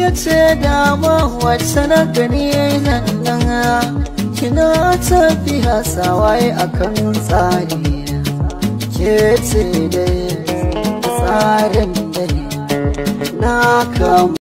yace ce dama wacce na gani nan kina yi a akan tsari ke ce dai tsarin dai na kama